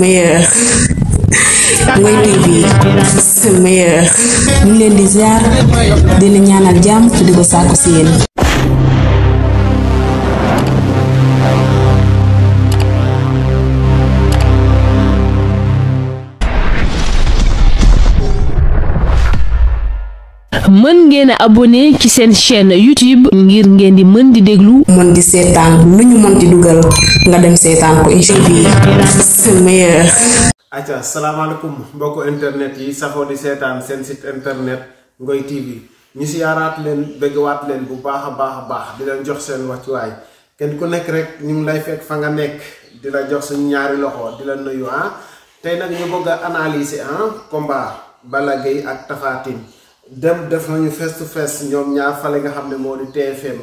meilleur Ngoye TV c'est meilleur ñu leen di ziar di ñaanal jàmm di ko sàkku si mën ngeen abonné ci seen chaîne youtube ngir ngeen di mën di déglu mën di sétan lu ñu mën di dugal nga dem sétan ko inshallah c'est meilleur alaykum mbokk internet yi safo di sétan seen site internet ngoy tv ñu si yaaraat leen bëggwaat leen bu baaxa baaxa baax di leen jox seen way kenn ku nekk rek ñu ngi lay fekk fa nga nekk di la jox suñu ñaari loxo di la nuyu ha ah. tay nak ñu bëgg a analyser ah combat balagay ak tafatine dem def nañu face to face ñom ñaar fale nga xamne ne TFM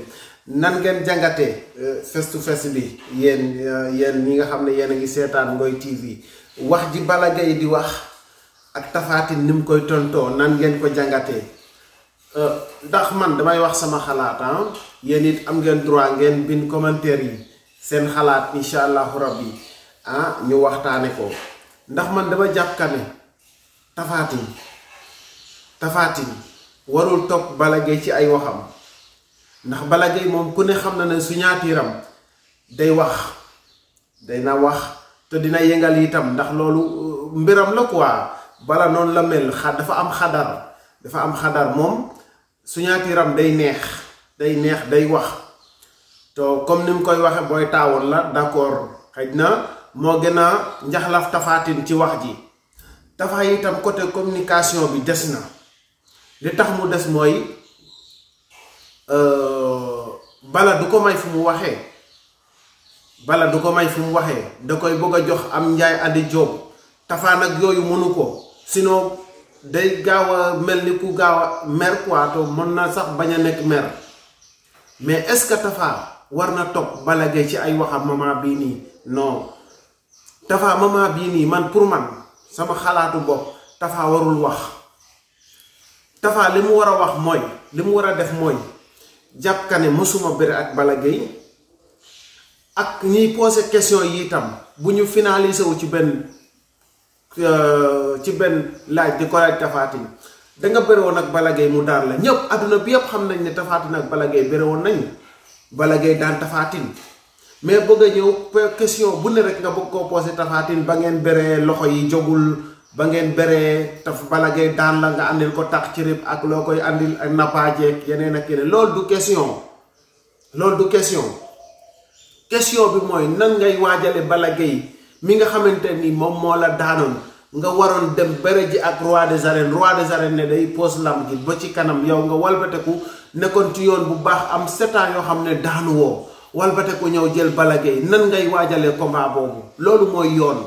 nan ngeen jangate euh, face to face bi yeen euh, yeen ñi nga xamne yeen ngi Ngoy TV wax ji bala wah, di wax ak tafati nim koy tonto nan ngeen ko jangate euh, ndax man damay wax sama xalaat ah yeen nit am ngeen droit ngeen bin commentaire yi seen xalaat inshallah rabbi ah ñu waxtane ko ndax man dama jappane tafati tafaatin warul toog bala Gaye ci ay waxam ndax bala Gaye moom ku ne xam na ne su ñaatiiram day wax day na wax te dina yëngal itam ndax loolu uh, mbiram la quoi bala noonu la mel dafa am xadar dafa am xadar moom su ñaatiiram day neex day neex day wax te comme ni mu koy waxee booy taawoon la d'accord xëj na moo gën a njaxlaf tafaatin ci wax ji tafa itam côté communication bi des na li tax mu moy euh bala du ko may fu mu waxe bala du ko may fu mu waxe da koy jox am njaay andi job, tafa nak yoyu mënu ko sinon day gawa melni ku gawa mer quoi to mën na sax baña nek mer mais est ce que Tafa warna top bala ge ci ay waxam mama bi ni non Tafa mama bi ni man pour man sama xalaatu bok Tafa warul wax. Tapha li mu war a wax mooy li mu war a def mooy jàpp ka ne mosuma bëre ak Balla ak ñiy posé question yi itam bu ñu finalisé wu ci benn euh, ci benn laaj di ko laaj Tapha Tine da nga bëre woon ak Balla mu daan la ñëpp adduna bi yëpp xam nañ ne Tapha Tine ak Balla Gaye woon nañu Balla Gaye daan Tapha Tine mais bëgg a ñëw question bu ne rek nga bëgg koo posé Tapha ba ngeen bëree loxo yi jogul. ba ngeen beree taf bala ngay daan la nga andil ko tax ci ak loo koy andil ak nappaajeeg yeneen ak yeneen loolu du question loolu du question question bi mooy nan ngay waajale bala gay mi nga xamante ni moom moo la daanoon nga waroon dem bëre ji ak roi des arènes roi des arènes ne day poos lam gi ba ci kanam yow nga walbateku nekkoon ci yoon bu baax am sept yoo xam ne daanu woo walbateku ñëw jël bala Gaye nan ngay waajalee combat boobu loolu mooy yoon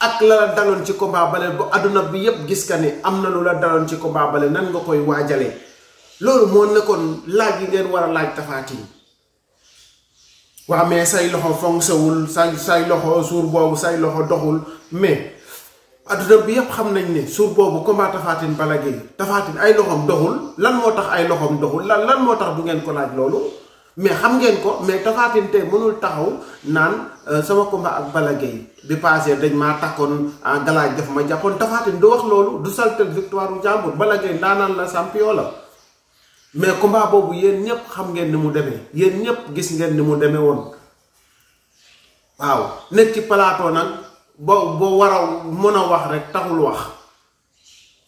ak la la daloon ci combat bale bu àdduna bi yépp gis ka ne am na lu la daloon ci combat bale nan nga koy waajale loolu moo nekkoon laaj yi ngeen war a laaj Tapha Tine waa mais say loxo foncewul say say loxo suur boobu say loxo doxul mais adduna bi yépp xam nañ ne suur boobu combat Tapha bala Balla Gaye Tapha ay loxoom doxul lan moo tax ay loxoom doxul lan lan moo tax du ngeen ko laaj loolu mais xam ngeen ko mais Tapha Tine tey mënul taxaw naan euh, sama combat ak bala Gaye bi passé dañ maa takkoon en galaaj daf ma jàppoon Tapha Tine du wax loolu du saltel victoire bu jàmbur Balla Gaye ndaanaan la champion la mais combat boobu yéen ñëpp xam ngeen ni mu demee yéen ñëpp gis ngeen ni mu demee woon waaw nekk ci plateau nag boo boo war a mën a wax rek taxul wax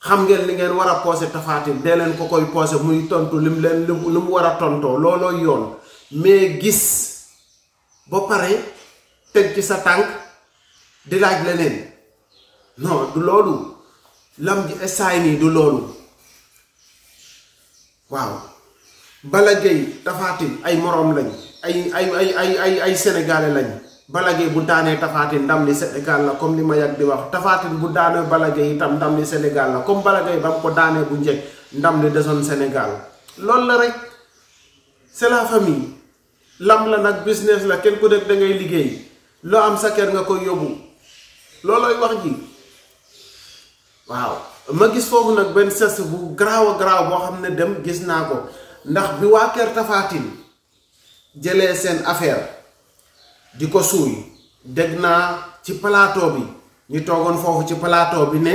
xam ngeen li ngeen war a posé tafaatin dee leen ko koy posé muy tontu mu leen lu mu war a tontoo looloo yoon mais gis ba pare teg ci sa tànk di laaj leneen non du loolu lam ji essaay nii du loolu waaw Balla Gaye tafaatin ay moroom lañ ay ay ay ay ay sénégalais lañ Balla Gaye bu daanee tafaatin ndam li Sénégal la comme li ma yàgg di wax tafaatin bu daanee Balla Gaye itam ndam li Sénégal la comme Balla Gaye ba ko daanee bu njëkk ndam li deson Sénégal lool la rek c'est la famille lam la nag business la kenn ku nekk da liggéey loo am sa kër nga koy yóbbu loolooy wax ji waaw ma gis foofu nag benn sess bu garaaw a garaaw boo xam ne dem gis naa ko ndax bi waa kër tafaatin jëlee seen affaire di ko suuy dégg naa ci palaato bi ñu toogoon foofu ci palaato bi ne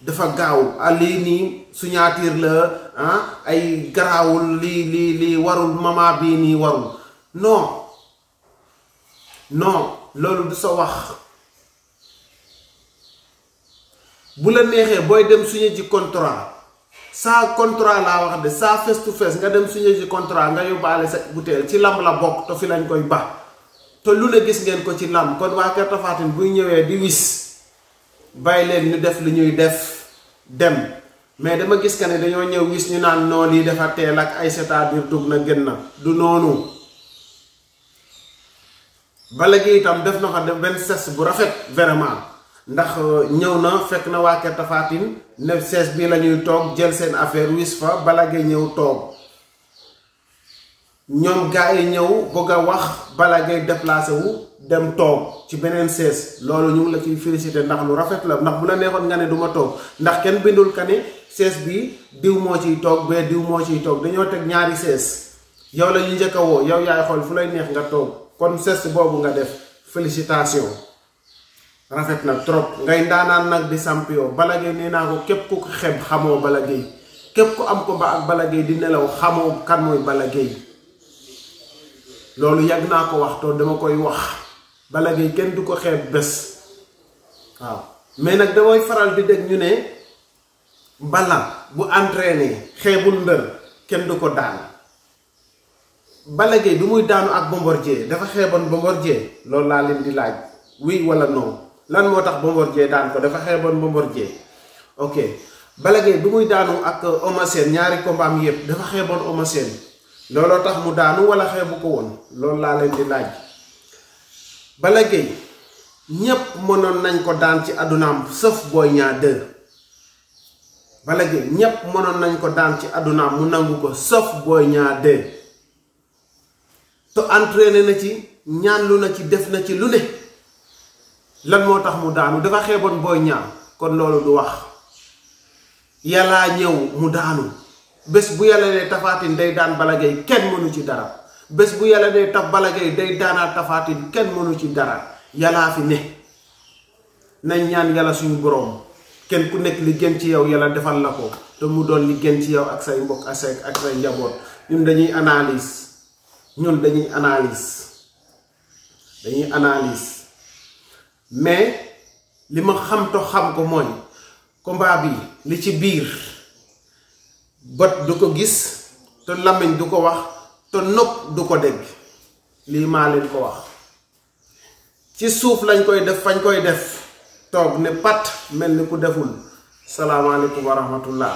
dafa gaaw ah lii nii signature la ah, ay garaawul lii li lii warul mama bii nii warul noo non loolu du sa wax bu la neexee booy dem signé ci contrat saa contrat laa wax de saa face to face nga dem signé ci contrat nga yóbbaale sa butéel ci lamb la bokk tofi fi lañ koy ba te lu la gis ngeen ko ci làmb kon waa Kër buy ñëwee di wis bàyyi leen ñu def lu ñuy def dem mais dama gis que ne dañoo ñëw wis ñu naan noon yi dafa teel ak ay c'est-à-dire dugg na gën na du noonu bala gi itam def na ko benn ses bu rafet vraiment ndax euh, ñëw na fekk na waa Kër Tapha ses bi la ñuy toog jël seen affaire wis fa bala ngay ñëw toog ñom gaa yi ñëw bëgg wax bala ngay déplacer wu dem toog ci ses ses loolu ñu la ci féliciter ndax lu rafet la ndax bu la neexon nga ne duma tok ndax bindul kané ses bi diw mo ci toog be diw mo ci toog dañu tek ñaari ses yow la ñu wo yow yaay xol fu lay neex nga tok kon ses bobu nga def félicitations rafet na trop ngay ndaanaan nak di sampio bala ngay nee naa ko képp ku ko xeb xamoo bala ngay képp ku am ko ba ak bala di nelaw xamoo kan moy bala loolu yàgg naa ko wax dama koy wax Balla Gaye kenn du ko xeeb bés waaw mais nag damay faral di deg ñu ne bala bu entraîné xeebul mbër kenn du ko daan Balla Gaye bi muy daanu ak Bombardier dafa xeeboon Bombardier loolu laa di laaj oui wala non lan moo tax Bombardier daan ko dafa xeeboon Bombardier ok Balla Gaye bi muy daanu ak Eumeu ñaari combat am yépp dafa xeeboon Eumeu Sène looloo tax mu daanu wala xeebu ko woon loolu laa leen di laaj Balla Gaye ñépp mënoon nañ ko daan ci àddunaam sauf Boy Niang 2 Balla Gaye ñépp mënoon nañ ko daan ci àddunaam mu nangu ko sauf Boy Niang 2 te entraîné na ci ñaanlu na ci def na ci lu ne lan moo tax mu daanu dafa xeeboon booy ñaar kon loolu du wax yàllaa ñëw mu daanu bés bu yàlla ne tafaatin day daan balagay kenn mënu ci dara bés bu yàlla ne taf balagay day daanaat tafaatin kenn mënu ci dara yàllaa fi ne nañ ñaan yàlla suñu boroom kenn ku nekk li gën ci yow yàlla defal la ko te mu doon li gën ci yow ak say mbokk ak say ak say njaboot ñun dañuy analyse ñun dañuy analyse dañuy anaalis mais li ma xam to xam ko mooy combat bi li ci biir bot du ko gis to lamiñ du ko wax to nopp du ko dégg lii maa leen ko wax ci suuf lañ koy def fañ koy def toog ne pat mel ni ku deful salaamaaleykum wa rahmatullah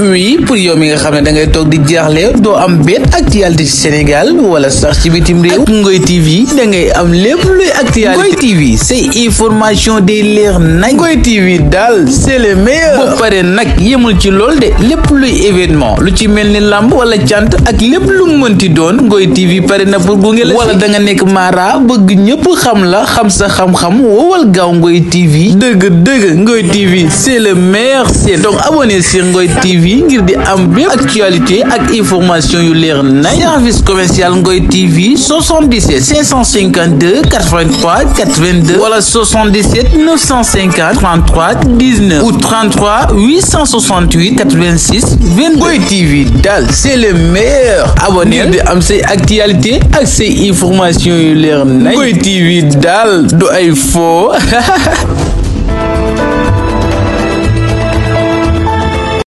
oui pour yow mi nga xam ne dangay toog di jaaxle doo am benn actualité ci Sénégal wala sax ci bitim réew Ngoy TV da ngay am lépp luy actualité Ngoy TV say information day leer nañ Ngoy TV daal c'est le meilleur pare nag yemul ci lool de lépp luy événement lu ci mel ni làmb wala cant ak lépp lu mënti doon Ngoy TV pare na pour gunge la wala da nekk mara bëgg ñëpp xam la xam sa xam-xam wowal gaaw Ngoy TV dëgg dëgg Ngoy TV le meilleur c'est donc abonné sur Ngoy TV ngir di am actualités actualité ak information yu leer service commercial Ngoy TV 77 552 83 82 Voilà 77 950 33 19 ou 33 868 86 22 Ngoy TV Dal. c'est le meilleur abonné vous di am say actualité ak say information yu leer Ngoy TV dal du ay